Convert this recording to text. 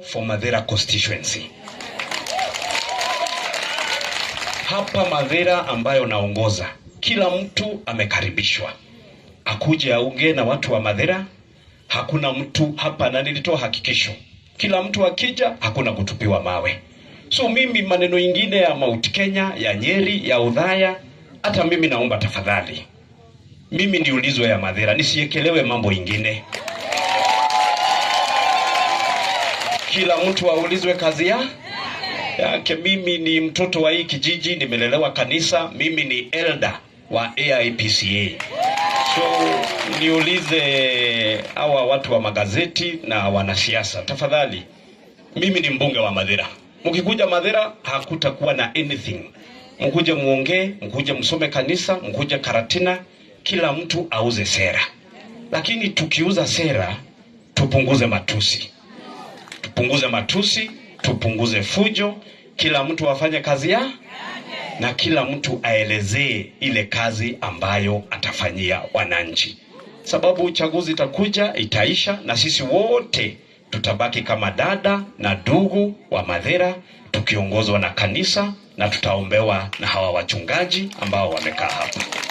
for Madera constituency. Hapa Madera ambayo naongoza, kila mtu amekaribishwa akuje aunge na watu wa Madera. Hakuna mtu hapa, na nilitoa hakikisho, kila mtu akija, hakuna kutupiwa mawe. So mimi maneno ingine ya Mount Kenya, ya Nyeri, ya Udhaya, hata mimi naomba tafadhali, mimi niulizwe ya Madera, nisiekelewe mambo ingine. kila mtu aulizwe kazi ya yake. Mimi ni mtoto wa hii kijiji, nimelelewa kanisa, mimi ni elder wa AIPCA. So niulize hawa watu wa magazeti na wanasiasa, tafadhali. Mimi ni mbunge wa Madhira, mkikuja Madhira hakutakuwa na anything. Mkuje muongee, mkuje msome kanisa, mkuje Karatina, kila mtu auze sera, lakini tukiuza sera tupunguze matusi tupunguze matusi, tupunguze fujo, kila mtu afanye kazi ya na kila mtu aelezee ile kazi ambayo atafanyia wananchi, sababu uchaguzi itakuja, itaisha, na sisi wote tutabaki kama dada na ndugu wa madhera, tukiongozwa na kanisa na tutaombewa na hawa wachungaji ambao wamekaa hapa.